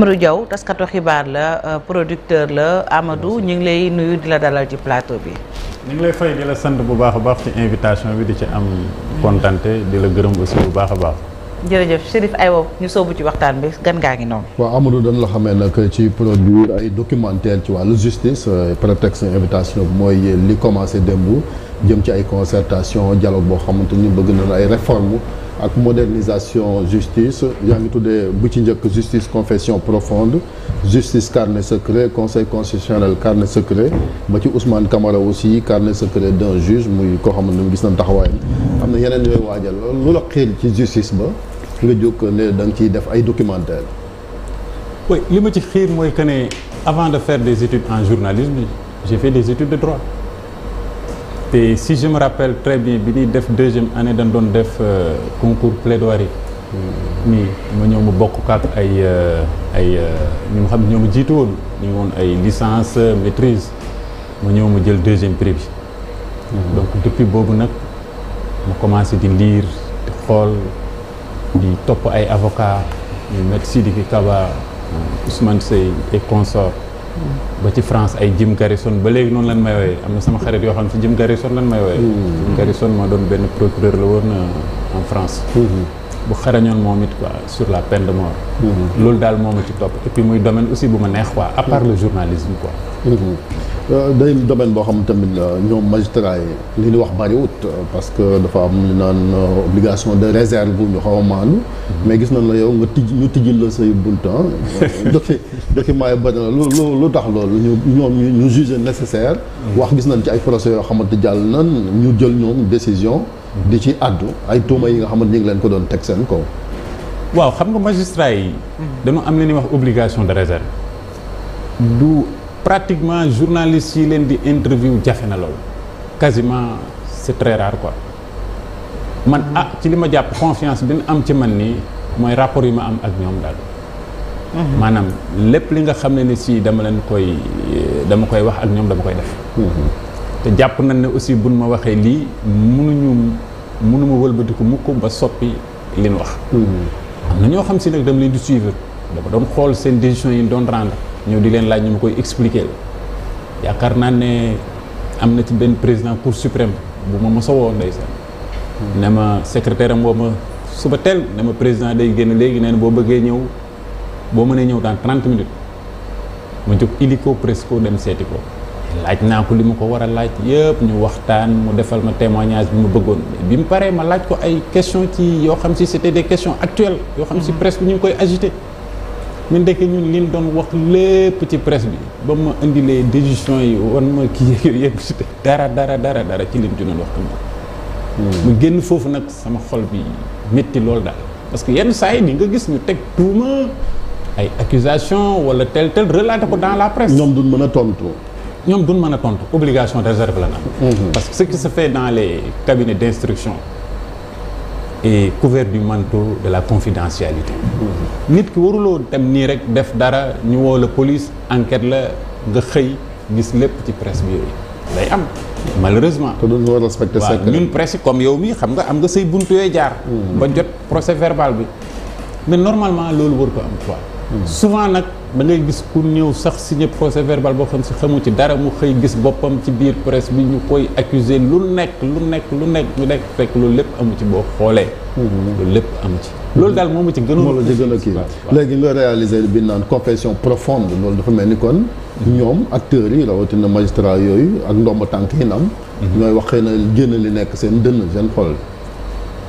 Amadou Diaw taskatu xibaar la euh, producteur la Amadou ñu ngi lay nuyu di la dalal ci plateau bi. ñu ngi lay fay di la sant bu baax a baax ci invitation bi di ci am kontante di la gërëm aussi bu baax a baax. jërëjëf Chérif aywa ñu soobu ci waxtaan bi gan ngaa ngi noonu. waaw Amadou dañ la xamee nag ci produire ay documentaire ci wàllu justice euh, prétexte invitation bi mooy li commencé démb. jëm ci ay concertation dialogue boo xamante ni bëgg na ay réforme ak modernisation justice yaa ngi tuddee bu ci njëkk justice confession profonde justice carnet secret conseil constitutionnel carnet secret ba ci Ousmane Camara aussi carnet secret d'un juge muy koo xamante ni gis nañ taxawaayam am na yeneen yooyu waajal lu la xiir ci justice ba nga jóg ne da ciy def ay documentaire li ma ci xiir mooy que ne avant de fair des études en journalisme j'ai fait des études de droit te si je me bi ñuy def deuxième année dañ doon def euh, concours plaidoirie nii ma ñëw mu bokk ak ay euh, ay euh, ñu nga xam ne ñoo ma jiitu woon ñu woon ay licence maîtrise ma ñëw ma jël deuxième prix bi donc depuis boobu nag ma commencé di liir di xool di topp ay avocat ñu Maître Sidiki Kaba Ousmane Seye et consort ba ci France ay Jim Garrison ba léegi noonu lan may wooyee am na sama xarit yoo xam ne si Jim Garrison lan may wooyee. Mm-hmm. Jim Garrison moo doon benn procureur la woon euh, en France. Mm-hmm. bu xarañoon moom it quoi sur la peine de mort. Mm-hmm. loolu daal moom ma ci topp et muy domaine aussi bu ma neex quoi à part le journalisme ko mm-hmm. euh, day domaine boo xam tamit euh, ñoom magistrat yi li ñu wax bariwut euh, parce que dafa am li naan obligation de réserve ñu xaw a maandu mm-hmm. mais gis nañ na yow nga tijj ñu tijjil la say buntan doki document yi bari na lu lu tax loolu ñu ñoom ñu juge nécessaire wax gis nañ ci ay procès yoo xamante jàll na ñu jël ñoom décision di ci àddu ay tuuma yi nga xamante ñu ngi leen ko doon teg seen ko waaw xam nga magistrat yi. Mm-hmm. dañu am li ñuy wax obligation de réserve. du pratiquement journaliste yi leen di interview jafe na lool. quasiment c'est très ko quoi. man mm-hmm. ah ci li ma jàpp confiance bi ñu am ci man nii mooy rapport yi ma am ak ñoom daal. Mm-hmm. maanaam lépp li nga xam ne ni si dama leen koy dama koy wax ak ñoom dama koy def. te jàpp nañ ne aussi bu nu ma waxee lii mënuñu mënuma wëlbatiku mukk ba soppi leen wax. Mm-hmm. am na ñoo xam si nag dama leen di suivre dama doon xool seen décision yi doon rendre ñëw di leen laaj ñu ma koy expliquer yaakaar naa ne am na ci benn président cour suprême bu ma mos a woo ndeysaan mm-hmm. ne ma secrétaire am ma suba teel ne président day génn léegi nee na boo bëggee ñëw boo mënee ñëw dans trente minutes ma jóg illico presque dem seeti ko. laaj naa ko li ma ko war a laaj yëpp ñu waxtaan mu defal ma témoignage bi ma bëggoon bi mu paree ma laaj ko ay question ci yoo xam si c'était des questions actuelles yoo xam si mhm. presse bi ñu ngi koy agité ñun ndekk ñun liñ doon wax lépp ci presse bi ba ma indilee décision yi wan kii yooyu yëpp dara dara dara dara ci liñ ci doon wax mhm. mu génn foofu nag sama xol bi métti loolu daal parce que yenn saa yi di nga gis ñu teg tuuma ay accusation wala tel tel relaté ko dans la presse ñoom duñ mën a tontu ñoom duñ mën a tontu obligation de réserve la na mhm. parce que ce qui se fait dans les cabinets d'instruction est couvert du manteau de la confidentialité mhm. nit ki waruloo dem nii rek def dara ñu woo la police enquête la nga xëy gis lépp ci presse bi yooyu day am malheureusement waaw ñun presse comme yow mi xam nga am nga say buntu yooyu jaar mhm. ba jot procès verbal bi mais normalement loolu war ko am quoi souvent nag da gis ku ñëw sax signé procès verbal boo xam si xamu ci dara mu xëy gis boppam ci biir presse bi ñu koy accuser lu nekk lu nekk lu nekk ñu nekk fekk loolu lépp amu ci boo xoolee. Mhm. loolu lépp ci. loolu daal moom mu ci gënoon. moo la gën a kii léegi nga réaliser bi naan confession profonde loolu dafa mel ni kon. ñoom acteurs yi rawatina magistrat yooyu ak ndomba tànk yi am. Mhm. ñooy wax xëy na génn li nekk seen dënn seen xol.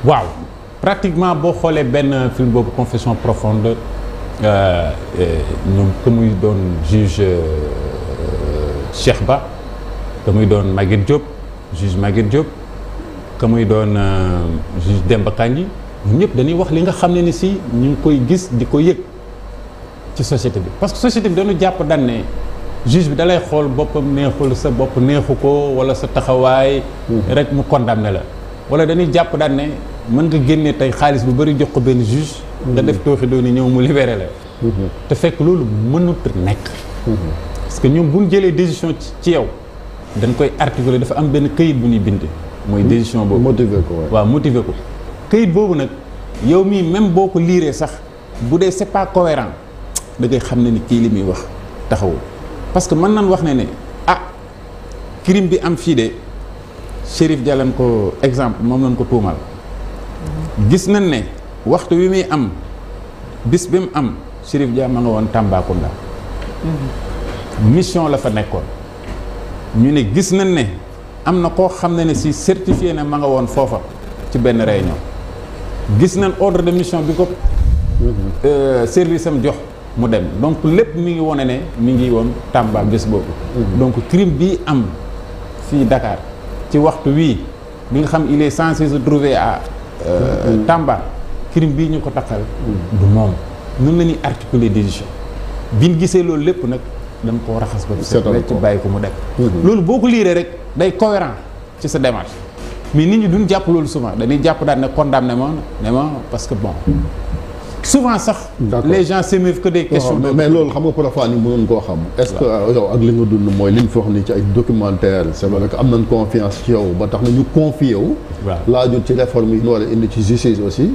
waaw pratiquement boo xoolee benn film boobu confession profonde. Euh, euh, ñoom ku muy doon juge euh, Cheikh Ba ku muy doon Maguette Diop juge Maguette Diop ku muy doon juge Demba Kandji ñëpp dañuy wax li nga xam ne ni si ñu ngi koy gis di ko yëg ci société bi parce que société bi dañu jàpp daan ne juge bi dalay xool boppam neexul sa bopp neexu ko wala sa taxawaay rek mu condamné la wala dañuy jàpp daan mën nga génne tey xaalis bu bëri jox ko benn juge nga def tooxi dooni ñëw mu libéré la mhm. te fekk loolu mënut nekk mhm. parce que ñoom bu ñu jëlee décision ci yow dañ koy articuler dafa am benn këyit bu ñuy bind mooy décision boobu motiver ko waaw motiver ko këyit boobu nag yow mii même boo ko liiree sax bu dee c'est pas cohérent da ngay xam ne ni kii li muy wax taxawul parce que mën nañ wax ne ne ah crime bi am fii de Chérif Dia ko exemple moom lañ ko tuumal mhm. gis nañ ne waxtu wi muy am bis bi mu am Chérif Dia nga woon Tambacounda mhm. mission la fa nekkoon ñu ne gis nañ ne am na koo xam ne ne si certifié na ma nga woon foofa ci benn réunion gis nañ ordre de mission bi ko mhm. euh, service am jox mu dem donc lépp mi ngi wone ne mi ngi woon Tamba bés boobu mhm. donc crime bii am fii dakaar ci waxtu wii bi nga xam il est censé se trouver à euh, Tamba crime bii ñu ko takkal mm. du moom nun la ñuy articuler décision biñ gisee loolu lépp nag dañ koo raxas ba set wecc bàyyi ko mu dem mm-hmm. loolu boo ko liiree rek day cohérent ci sa démarche mais nit ñi duñ jàpp loolu souvent dañuy jàpp daal ne condamné ma ne ma parce que bon souvent sax. les gens s'émeuvent que des questions. mais loolu xam nga parfois ñu mënoon koo xam. est ce que yow ak li nga dund mooy li ñu ni ci ay documentaire c' est am nañ confiance ci yow ba tax na ñu confié wu. laajul ci réforme yi ñu war a indi ci justice aussi.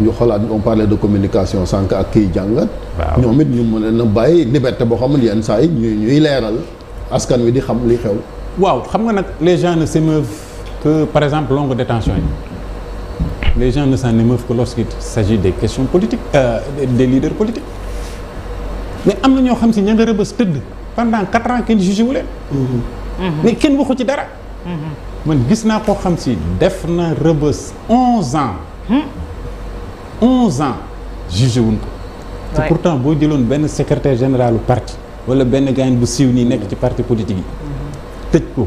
ñu xalaat on parlait de communication sànq ak kii jàngat. ñoom it ñu mën a bàyyi liberté boo xam ne yenn saa ñu ñuy leeral askan wi di xam li xew. waaw xam nga nag les gens ne s'émeuvent que par exemple longue yi. les gens ne s'en émeuvent que lorsqu'il s'agit des questions politiques euh, des leaders politiques mais am na ñoo xam si ña nga rëbës tëdd pendant quatre ans kenn jugé wu mhm. mais kenn waxu ci dara mhm. man gis naa ko xam si def na rëbës onze ans hmm? onze ans jugé wuñ ko te pourtant boo jëloon benn secretaire général parti wala benn gaañ bu siiw nii nekk ci parti politique yi mhm. tëj ko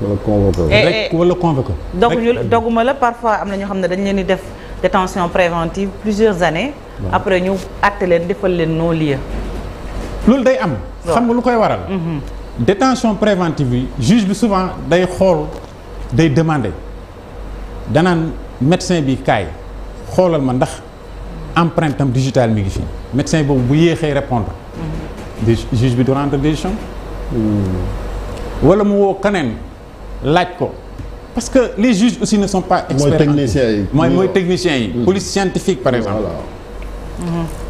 wala convoqué eh, rek eh. wala convoqué donc ñu la parfois am na ñoo xam ne dañ leen di def détention préventive plusieurs années. après ñu àtte leen defal leen non-lieu. loolu day am. xam nga lu koy waral. Mm-hmm. détention préventive yi juge bi souvent day xool day demander danaan médecin bi kaay xoolal ma ndax empreinte am mi ngi fii médecin boobu bu yéexee répondre mm-hmm. juge bi du hmm. mu woo keneen. laaj ko parce que les juges aussi ne sont pas experts mooy technicien mooy mooy mmh. yi mmh. police scientifique par mmh, exemple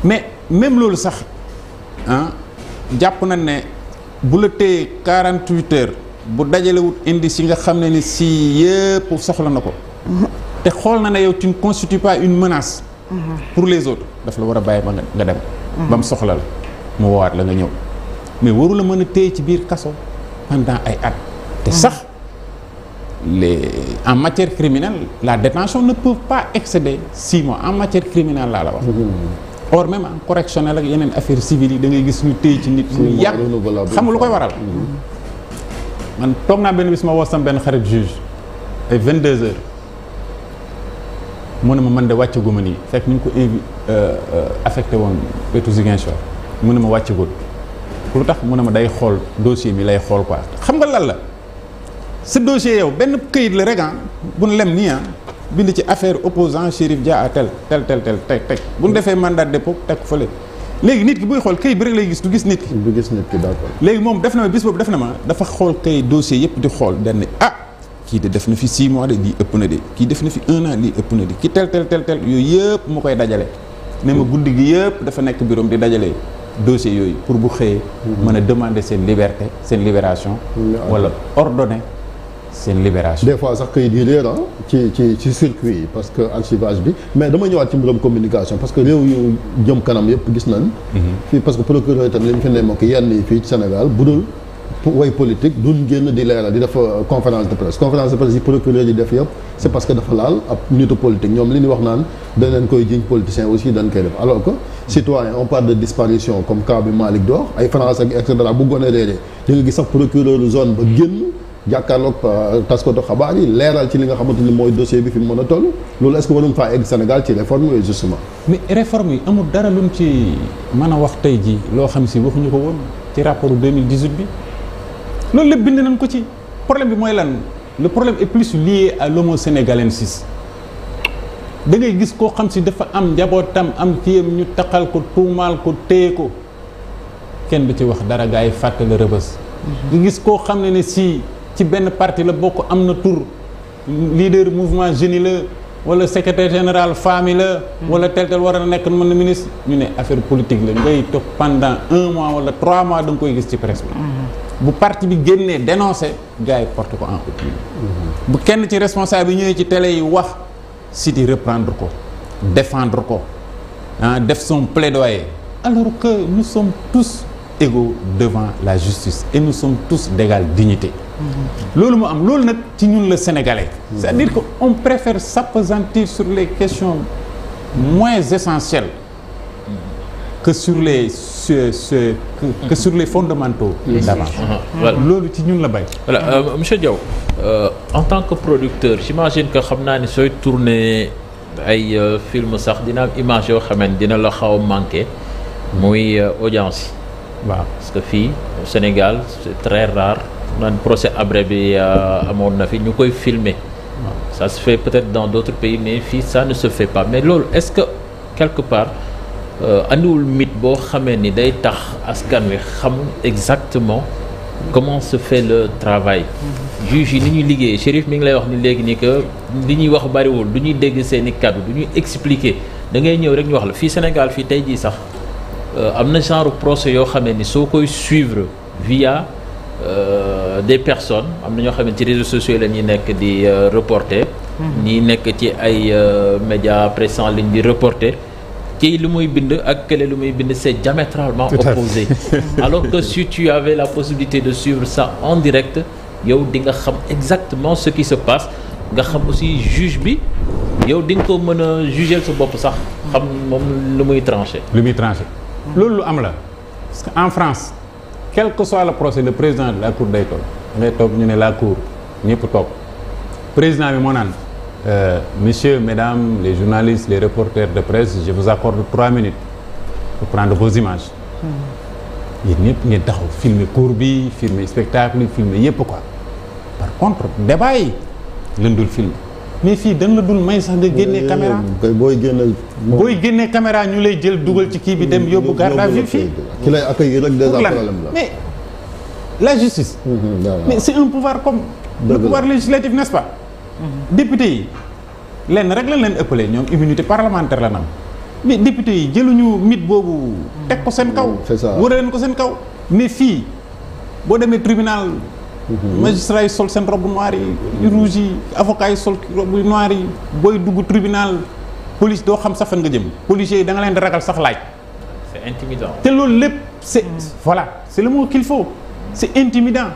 mais même loolu sax ah jàpp na ne bu la téye quarante huit heures bu dajalewut indi si nga xam ne ni si yëpp soxla na ko te xool na ne yow tu ne constitues pas une menace pour les autres daf la war a bàyyi ba nga dem ba mu soxla la mu woowaat la nga ñëw mais waru la mën a téye ci biir kaso pendant ay at te sax les en matière criminelle la détention ne peut pas excéder six mois en matière criminelle laa la wax. Mm-hmm. or même en correctionnel ak yeneen affaire civile yi da ngay gis suñu téye ci nit. ñu yàgg xam lu koy waral. Mm-hmm. man toog naa benn bis ma woo sama benn xarit juge ay 22 heures mu ne ma man de wàccaguma ma nii fekk ñu ko invi euh, euh, affecté woon wetu Ziguinchor mun ne ma wàccagul lu tax mu ne ma day xool dossier bi lay xool quoi xam nga lan la. sa dossier yow benn këyit la rek ah, bu nu lem nii ah, bind ci affaire opposant Chérif Dia à tel tel tel teg teg bu nu defee mandat de dépôt teg fële léegi nit ki buy xool këyit bi rek lay gis du gis nit ki. gis nit ki d'accord léegi moom def na ma bis boobu def na ma dafa xool kay dossier yëpp di xool dañ ne ah kii de def na fi 6 mois de lii ëpp na de kii def na fi 1 an ëpp na de ki tel tel tel tel yooyu yëpp mu koy dajale. ne ma guddi gi yëpp dafa nekk biroom di dajale dossier yooyu pour bu xëyee. Mhm. mën a demander seen liberté seen libération. wala ordonner. seen libération des fois sax kayit yi réer ah ci ci circuit yi parce que archivage bi mais dama ñëwaat ci mbirum communication parce que réew yu jëm kanam yëpp gis nañ. Mhm. fii parce que procureur itam li ñu fi ne moom yenn yi def euh, conférence de presse conférence de presse yi procureur yi def yëpp c'est parce que dafa laal ab nitu politique ñoom li ñu wax naan dañ koy jiñ politicien aussi dañ koy def alors que citoyen on parle de disparition comme cas bi Malick Diouf ay France ak jàkkaarloog euh, taskatu xabaar yi leeral ci li nga xamante ni mooy dossier bi fi mu mën a toll loolu est-ce que waruñ faa egg Sénégal ci réforme yooyu justement mais réforme yi amul dara luñ ci mën a wax tey jii loo xam si waxuñu ko woon ci rapport 2018 bi loolu lépp bind nañ ko ci problème bi mooy lan le problème est plus lié à l'homo sénégalensis da dangay gis koo xam si dafa am njabootam am fiyam ñu taqal ko tuumaal ko téye ko kenn du ci wax dara gaa yi fàttali rëbës mhm. ci benn parti la bokk am na tur leader mouvement jeune la wala secrétaire général femme la. Hmm. wala tel tel war a nekk mën na ministre ñu ne affaire politique la ngay toog pendant un mois wala trois mois da koy gis ci presse hmm. bu parti bi génnee dénoncé gars yi porte ko en copie. Hmm. bu kenn ci responsable yi ñëwee ci télé yi wax si di reprendre ko. défendre ko ah def son plaidoyer alors que nous tous. égaux devant la justice et nous sommes tous d'égale dignité loolu mu am loolu nag ci ñun la sénégalais c'est-à-dire que on préfère s'appesantir sur les questions moins essentielles que sur les sur, sur, que, que sur les uh-huh. loolu ci ñun la bay voilà euh, monsieur Diaw euh, en tant que producteur j'imagine ko xam naa ni sooy tourner ay euh, film sax dina am image yoo xamante dina la xaw a manqué muy euh, audience waaw parce que fii Sénégal c'est très rare naan procès Habré bi euh, amoon na fi ñu koy filmer ça se fait peut-être dans d'autres pays mais fii ça ne se fait pas mais loolu est-ce que quelque part euh, andiwul mythe boo xamee ni day tax askan wi xam exactement comment se fait le travail mm-hmm. juge yi ni ñuy liggéey shérif mi ngi lay wax ni léegi ni que li ñuy wax bariwul du ñuy dégg seeni kàddu du ñuy expliquer da ngay ñëw rek ñu wax la fii Sénégal fii tey jii sax Euh, am na genre procès yoo xamee ni soo koy suivre via euh, des personnes am na ñoo xam ni ci réseaux sociaux la ñuy nekk di euh, reporter mhm. ñi nekk ci ay euh, médias presse en ligne di reporter kii lu muy bind ak kële lu muy bind c'est diamétralement opposé alors que si tu avais la possibilité de suivre ça en direct yow di nga xam exactement ce qui se passe nga xam aussi juge bi yow di ko mën a jugeel sa bopp sax xam moom lu muy tranché lu muy tranché loolu lu am la parce que en France quel que soit le procès le président de la cour day toog ngay toog ñu ne la cour ñëpp toog président bi moo naan euh, messieurs mesdames les journalistes les reporters de presse je vous accorde trois minutes pour prendre vos images hmm. yéen ñëpp ngeen taxaw filmer cour bi filme spectacle yi filmer yëpp quoi par contre débat yi lëndul filmer mais fii dañ la dul may sax nga génnee eh, caméra eh, booy génneel booy génnee caméra ñu lay jël dugal ci kii bi dem yóbbu garde à vue fii ki lay accueillir rek la mais la justice mm-hmm, mais c'est un pouvoir comme le pouvoir législatif n'est-ce mm-hmm. député yi lenn rek la leen ëppale ñoom immunité parlementaire la nam mais député yi jëlu ñu mit boobu teg ko seen kaw mm, wër leen ko seen kaw mais fii boo demee tribunal Mhm. magistrat yi sol seen robe noire yi rouge yi avocat yi sol robe noire yi booy dugg tribunal police doo xam sax fan nga jëm policiers yi da nga leen di ragal sax laaj c'est intimidant te loolu lépp c'est mhm. voilà c'est le mot qu'il faut c'est intimidant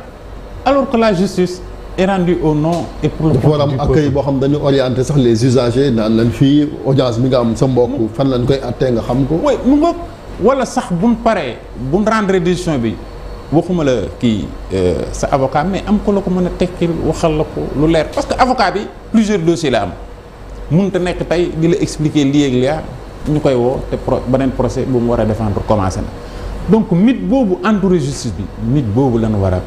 alors que la justice est rendue au nom et pour le compte du boo xam dañu orienté sax les usagers naan lan fii audience bi nga am sa mbokk fan lañ koy attee nga xam ko oui mu nga wala sax bu buñ paree buñ rendre décision bi waxuma la kii euh, sa avocat mais am ko la ko mën a teg tekkil waxal la ko lu leer parce que avocat bi plusieurs dossiers la am mun a nekk tey di la expliquer lii ak laa ñu koy woo te pro beneen procès bu mu war a défendre commencé na donc mythe boobu entouré justice bi mythe boobu lañu war a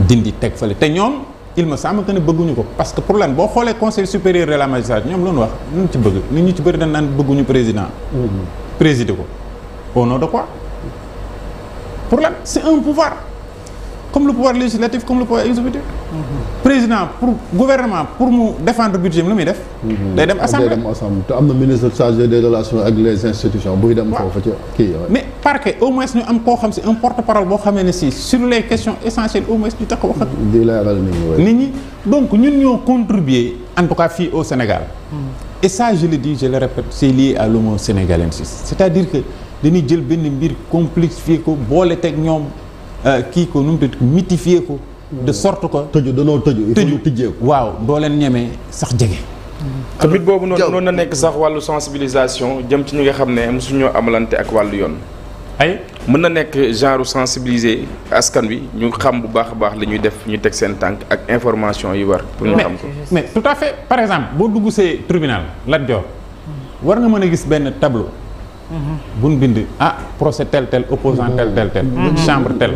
dindi teg fale te ñoom il me semble que ne bëgguñu ko parce que problème boo xoolee conseil supérieur de la magistrature ñoom loonu wax ñu ci bëgg nit ñu ci bëri dañ naan bëgguñu président mmh. présider ko au nom pour lan c'est un pouvoir comme le pouvoir législatif comme le pouvoir exécutif. Mhm. président pour gouvernement pour mu défendre budget am lu muy def. Mhm. day dem assemblée day dem assemblée te am na ministre chargé des relations ak les institutions. buy dem foofu ci mais parquet au moins ñu am koo xam si un porte parole boo xamee ne si sur les questions essentielles au moins ñu tax wax ak. di leeral nit ñi donc ñun ñoo contribuer en tout cas fii au Sénégal. Mhm. et ça je le dis le répète c'est lié à l'homo sénégalensis c'est-à-dire dañuy jël benn mbir complexifier ko boole teg ñoom euh, kii ko nu mu tudd mythifier ko. de sorte que tëju danoo tëju. tëju tijjee ko waaw boo leen ñemee sax jege. Ah, tamit boobu noonu noonu na nekk sax wàllu sensibilisation jëm ci ñu nga xam ne mosuñoo amalante ak wàllu yoon. ay mën na nekk genre sensibiliser askan wi ñu xam bu baax a baax li ñuy def ñu teg seen tànk ak information yi war. pour ñu xam ko mais tout à fait par exemple boo dugg see tribunal Lat war nga mën a gis benn tableau. buñ bind ah procès tel tel opposant tel tel tel mhm. chambre tel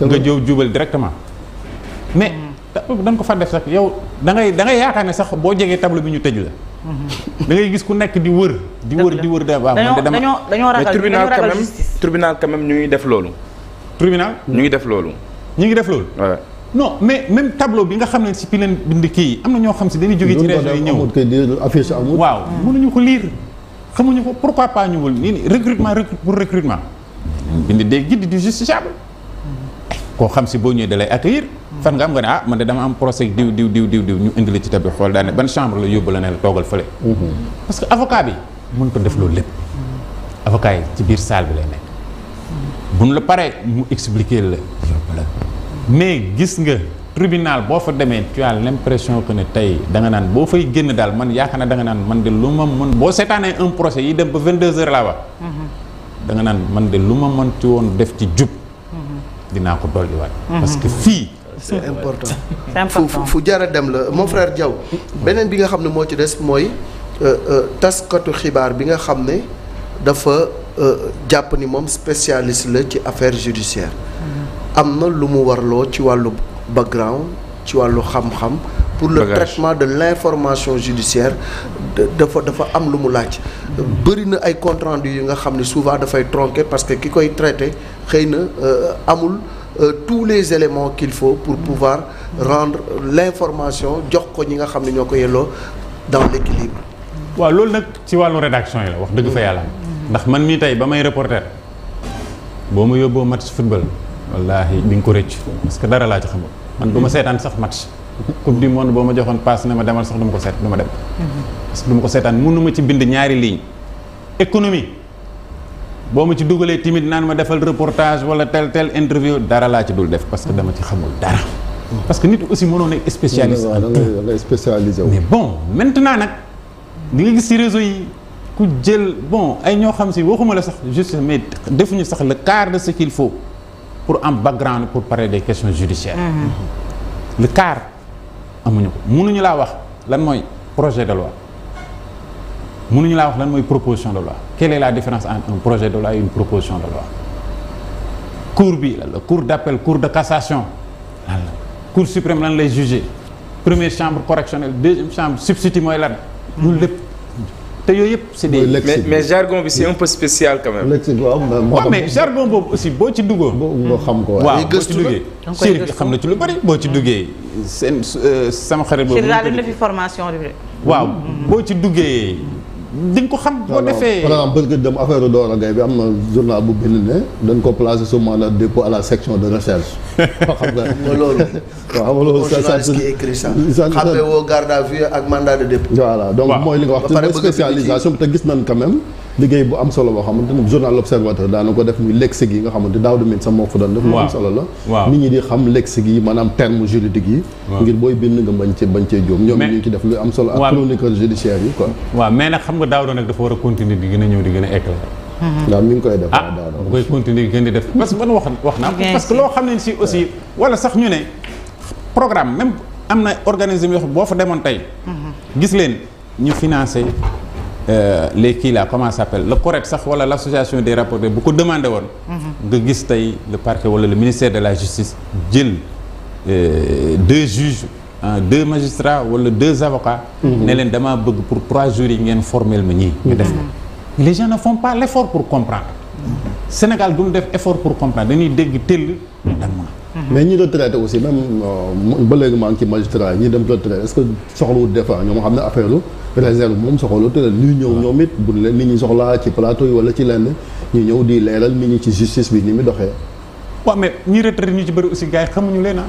nga jëw jubal directement mais tableau bi dañ ko fa def sax yow da ngay da ngay yaakaar ne sax boo jegee tableau bi ñu tëj la mhm. da ngay gis ku nekk di wër di wër di wër da waaw dañoo dañoo ragal tribunal quand même tribunal quand même ñu ngi def loolu tribunal ñu ngi def loolu ñu ngi def loolu non mais même tableau bi nga xam ne si pi leen bind kii am na ñoo xam si dañuy jógee ci région yi ñëw waaw mm. mënuñu ko lire xamuñu ko pourquoi pas ñu wul nii nii recrutement pour recrutement bind des guides du justiciable koo xam si boo ñëwee da lay accueillir fan nga am nga ne ah man de dama am procès diw diw diw diw ñu indi la ci tabi xool daane ban chambre la yóbbu la ne la toogal fële parce que avocat bi mënut ko def loolu lépp avocat yi ci biir saal bi lay nekk buñ la paree mu expliquer la yóbbu la mais gis nga tribunal boo fa demee tu as l'impression que ne tey da nga naan boo fay génn daal man yaakaar naa da nga naan man de lu ma mën boo seetaanee un procès yi dem ba 22 heures là-bas. Mhm. da nga naan man de lu ma mënti woon def ci jub. Mhm. dinaa ko dolliwaat. Mhm. parce que fii. c'est fu jar a dem la mon frère beneen bi nga xam ne moo ci des mooy euh, euh, taskatu xibaar bi nga xam ne dafa euh, jàpp ni moom spécialiste la ci affaire judiciaire am na lu mu warloo ci wàllu background ci wàllu xam-xam pour le traitement de l'information judiciaire dafa dafa am lu mu laaj bëri na ay compte rendu yi nga xam ne souvent dafay tronqué parce que ki koy traité xëy na euh, amul euh, tous les éléments qu'il faut pour pouvoir rendre l'information jox ko ñi nga xam ne ñoo ko yelloo dans l'équilibre waaw loolu nag ci wàllu rédaction yi la wax dëgg fa yàlla ndax man mii tey ba may reporter boo ma yóbboo match football wallaahi di nga ko rëcc parce que dara laa ci xamul man du ma seetaan sax match coupe du monde boo ma joxoon paas na ma demal sax du ma ko seet du ma dem parce que ko seetaan mënu ci bind ñaari ligne économie boo ma ci dugalee timit naan ma defal reportage wala tel tel interview dara laa ci dul def parce que dama ci xamul dara parce que nit aussi mënoo nekk spécialiste spécialisé mais bon maintenant nag di nga gis ci réseau yi ku jël bon ay ñoo xam si waxuma la sax juste mais defuñu sax le quart de ce qu'il faut pour am background pour parler des questions judiciaires mm-hmm. le quart amuñu ko mënuñu laa wax lan mooy projet de loi mënuñu laa wax lan mooy proposition de loi quelle est la différence entre projet de loi et une proposition de loi cour bi lan la cour d'appel cour de cassation lan la cour suprême lan lay juger première chambre correctionnelle deuxième chambre substitut mooy lan loolu lépp te yooyu yëpp c'est des mais mais jargon bi c'est un peu spécial quand jargon boobu aussi boo ci duggoo. boo xam ko waaw boo ci duggee. ci lu bari boo ci duggee. seen euh, sama xarit boobu. Chérif daal na fi formation bi waaw mm-hmm. boo ci duggee. di nga ko xam boo defee par exemple bërki dem affaire Doro Gaye bi am na journal bu bind ne dañ ko placer sous mandat de dépôt à la section de recherche xam nga loolu waaw xam nga loolu journaliste qui écrit woo garde à vue ak mandat de dépôt voilà donc mooy li nga wax spécialisation te gis nañ quand même liggéey bu am solo boo xamante ne journal observateur daana def muy lexique yi nga xamante daaw de min sa moo lu am solo la nit ñi di xam lexique yi maanaam terme juridique yi ngir booy bind nga bañ cee bañ cee jóom ñoom ñu ngi def lu am solo ak chroniqueur judiciaire yi quoi mais nag xam nga daaw doon nag dafa war a continuer di gën a ñëw di gën a éclater mm-hmm. waaw mi ngi koy def ah bu koy continuer gën di def mm-hmm. parce que wax wax naa parce loo xam ne Euh, les kii là comment s'appelle le CORED sax wala la association des rapporteurs bu ko demandé woon. Mhm. nga gis tey le parquet wala le ministère de la justice jël euh, deux juges deux magistrats wala deux avocats. Mhm. ne leen damaa bëgg pour trois jours yi ngeen formel ma ñii. ñu def ko mhm. les gens ne font pas pour comprendre. Sénégal du def effort pour comprendre dañuy dégg tëll dama mais ñi retraité aussi même euh, ba léegi maa ngi ci magistrat ñi dem retraité est-ce que soxlawut des fois ñoom xam ne affaire réserve moom soxlawut ñëw ñoom leen nit ñi soxlaa ci plateau yi wala ci lenn ñu ñëw di leeral nit ñi ci justice bi ni mu doxee waaw mais ñi retraité ñu ci bëri aussi gars yi xamuñu leen ah.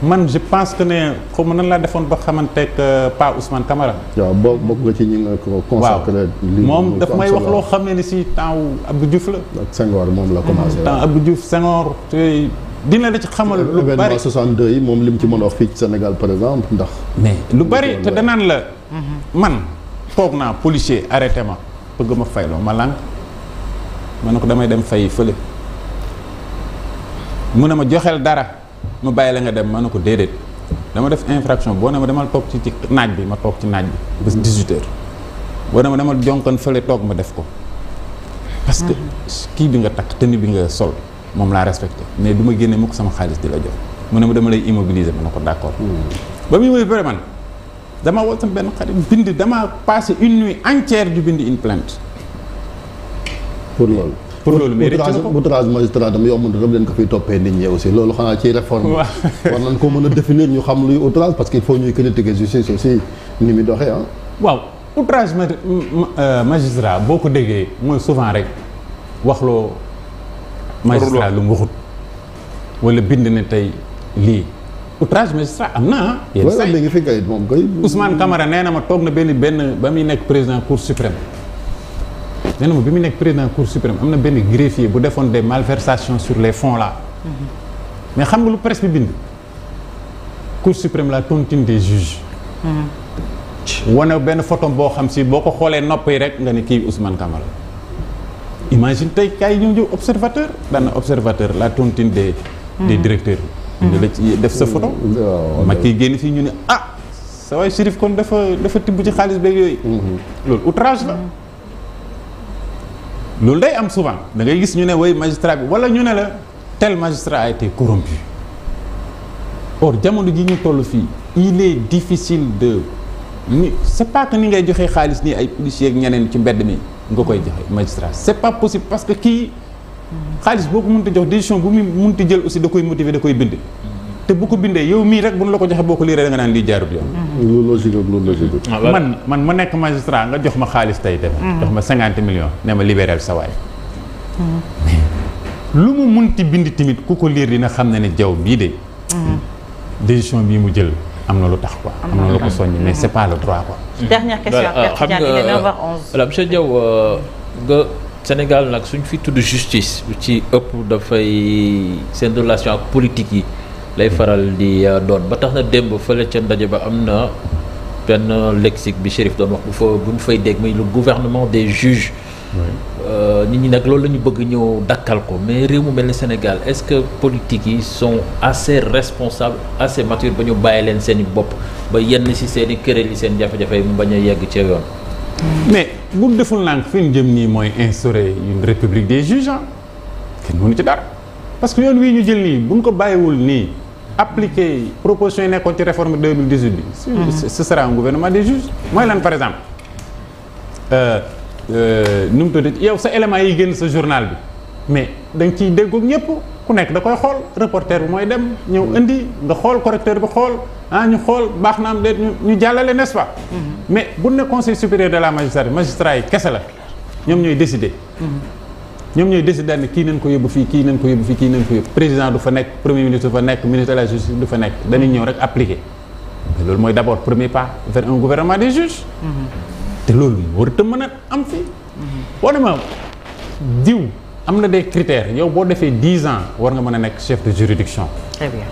man je pense que ne xaw nan laa defoon ba xamanteeg euh, Pa Ousmane Camara. waaw boo bokk nga ci ñi nga ko consacré. moom daf may wax loo xam ne ni si temps Abdou Diouf la. ak Senghor moom la commencé. temps Abdou Diouf Senghor te dina la ci xamal. lu bari événement 62 yi moom lim ci mën a wax fii ci Sénégal par mais lu bari te danaan la. Mhm. man toog naa policier arrêté ma bëgg ma fayloo ma lànk ma ne ko damay dem fay fële mu ne ma joxeel dara. ma bàyyi la nga dem ma ne ko déedéet dama def infraction boo ne ma demal toog ci ci naaj bi ma toog ci naaj bi ba 18 heures boo ne ma demal jonkan fële toog ma def ko parce que kii bi nga takk tenue bi nga sol moom laa respecté mais du ma génne mukk sama xaalis di la jox mu ne ma dama lay immobiliser ma ne ko d'accord ba muy muy man dama woo sama benn xarit bind dama passé une nuit entière du bind une plainte pour loolu pour loolu mais rëcc na outrage magistrat dama yomb na leen ko fiy toppee nit ñi aussi loolu xanaa ci réforme war ko mën a définir ñu xam luy outrage parce que il faut ñuy critiquer justice aussi ni muy doxee ah waaw outrage euh, magistrat boo ko déggee mooy souvent rek wax waxloo magistrat lu mu waxut walla bind ne tey lii outrage magistrat am na ah. yenn saa yi moom kay. Ousmane Camara nee na ma toog na benn benn ba muy nekk président cour suprême. nee na ma bi mu nekk président cour suprême am na benn greffier bu defoon des malversations sur les fonds là. Mm-hmm. mais xam nga lu presse bi bind. suprême la tontine des juges. Mm-hmm. wane benn photo boo xam si boo ko xoolee noppee rek nga ne kii Ousmane Camara. imagine tey kaay ñu ñëw observateur daan observateur la tontine des. Mm-hmm. directeur directeurs. ñu la ci def sa photo. Oh, ma kii génn fii ñu ne ah. sa waay Chérif comme dafa dafa tibb ci xaalis beeg yooyu. loolu outrage la. loolu day am souvent da ngay gis ñu ne way magistrat bi wala ñu ne la tel magistrat a été corrompu or jamono ji ñu toll fii il est difficile de ni c'est pas que ni ngay joxe xaalis nii ay policiers ñeneen ci mbedd mi nga koy joxe magistrat c'est pas possible parce que kii xaalis boo ko mënta jox décision bu mun ti jël aussi da koy motiver da koy bind te bu ko bindee yow mii rek bu nu la ko joxee boo ko liiree da nga naan lii jaarut yoon. Ah, man man ma nekk magistrat nga jox ma xaalis tey dem. Mm. jox ma cinquante millions ne ma libéral sa waay. Mm. lu mu ti bind tamit ku ko liir dina xam ne ni jaw bii de. Mm. décision bii mu jël am na lu tax quoi. am na lu ko soññ mais c'est pas le droit quoi. suñ fi tudd justice ci ëpp dafay seen relation ak politique yi. lay faral di euh, doon ba tax na démb fële ca ndaje ba am na benn lexique bi Chérif doon wax bu fa bu ñu fay dégg muy le gouvernement des juges euh, nit ñi nag loolu lañu bëgg ñëw dakkal ko mais réew mu mel ni Sénégal est-ce que politique yi son assez responsables assez matures ba ñu bàyyi leen seen i bopp ba yenn si seen i këréel yi seen jafe-jafe yi mu bañ a yegg ca yoon mais bu deful lànk fi ñu jëm nii mooy instaurer une république des juges ah. kenn mënu ci dara nii appliquer proposition yi nekkoon ci réforme 2018 bi. Mhm. ce sera un gouvernement des juges. mooy lan par exemple euh, euh, nu mu tuddati yow sa élément yi génn sa journal bi mais da nga ciy déggoog ñëpp ku nekk da koy xool reporter bi mooy dem ñëw mhm. indi nga xool correcteur bi xool ah ñu xool baax na am déet ñu jàllale nest mhm. mais bu ne conseil supérieur de la magistrature magistrat yi kese la ñoom ñooy décider. ñoom ñooy décider ne kii nañ ko yóbbu fii kii nañ ko yóbbu fii kii nañ ko yóbbu président du fa nekk premier ministre du fa nekk ministre de la justice du fa nekk dañuy ñëw rek appliquer loolu mooy d'abord premier pas vers un gouvernement des juges mm-hmm. te loolu warut a mën a am fii mm-hmm. boo demee diw am na des critères yow boo defee dix ans war nga mën a nekk chef de juridiction très bien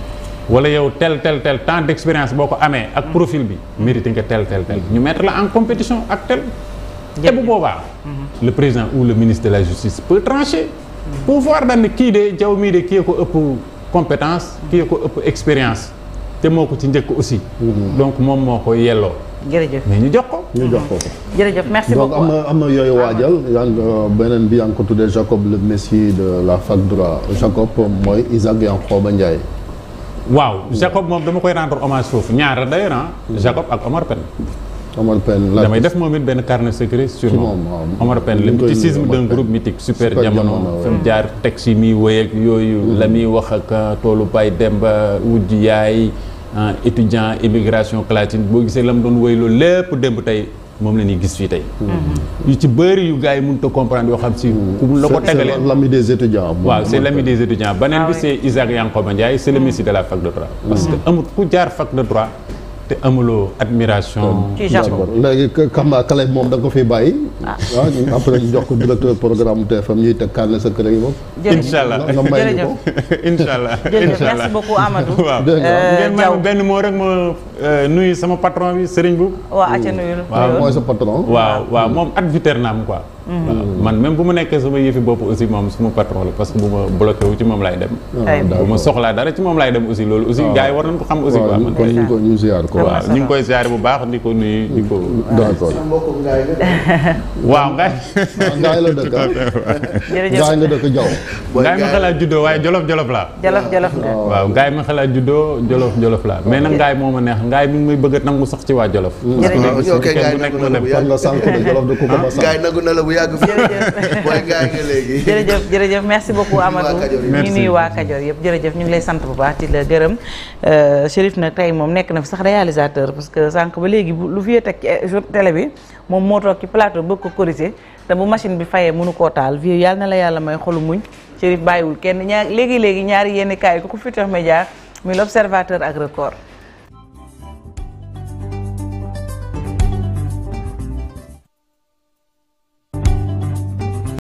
wala yow tel tel tel temps d'expérience boo ko amee ak mm. profil bi mérité nga tel tel tel ñu mettre la en compétition ak tel te bu boobaa le président ou le ministre de la justice peut trancher pour voir daal kii de jaww mii de kii ko ëpp compétence kii ko ëpp expérience te moo ko ci njëkk aussi donc moom moo ko yelloo jërëjëf mais ñu jox ko ñu jox ko jërëjëf merci beaucoup donc am na am na yooyu waajal yaa ngi euh, beneen bi yaa ngi ko tuddee Jacob le messie de la fac droit Jacob mooy Isaac Yankhoba Ndiaye waaw Jacob moom dama koy rendre hommage foofu ñaar d'ailleurs ah. Jacob ak Omar Pène Omar Pène la damay def moom it benn carnet secret sur moom Omar mu jaar texte yi muy wéy ak yooyu mm-hmm. la muy wax ak euh, toolu Baye Demba wujj yaay euh, étudiant immigration clatine boo gisee la mu doon wéy loolu lépp démb tey moom la ñuy gis fii tey. Mm-hmm. yu ci bëri yu gars yi mënut a comprendre yoo xam si. Mm-hmm. ku mu la ko tegalee c'est l'ami la étudiants. waaw c'est l'ami des étudiants beneen bi ah c'est Isaac Yankoba Ndiaye c'est le messie de la fac de droit. parce que ku jaar fac de droit. te amuloo admiration. ci Japon léegi Kamba Kale moom da nga ko fiy bàyyi. Ah. ah ñun après ñu jox ko directeur programme TFM ñuy teg kaane sa kër yi moom. incha allah nga may ñu ko incha waaw euh, benn moo rek ma euh, nuyu sama patron bi Serigne Boub. waaw acca nuyu la. waaw mooy sa patron. waaw waaw moom ad vitam naam quoi. waaw mm-hmm. man même bu ma nekkee sama yëfi bopp aussi moom suma patron la parce que bu ma bloqué wu ci moom laay dem ah, bu ma soxlaa dara ci moom laay dem aussi loolu aussi ah. gars yi war nañ ko xam aussi quoi man la ma xalaat juddoo waaye jolof jolof laa waaw ngaay ma xalaat juddoo jolof jolof laa mais nag ngaay moo neex ngaay mi may bëgg a nangu sax ci waa jolof mm. bu nekk ma dem nga sànq jolof ah? na la bu yàgg mooy gaay jërëjëf jërëjëf merci beaucoup Amadou. ñu nuyu waa Kajoor yëpp jërëjëf ñu ngi lay sant bu baax di la gërëm. Euh, Chérif na tey moom nekk na fi sax réalisateur parce que sànq ba léegi lu fi teg ci eh, télé bi moom moo toog ci plateau bëgg ko corriger te bu machine bi fayee munu koo taal vieux yàlla na la yàlla may xolu muñ. Chérif bàyyiwul kenn ñaar léegi léegi ñaari yenn kaay ko ku Futurs Médias muy l'observateur ak record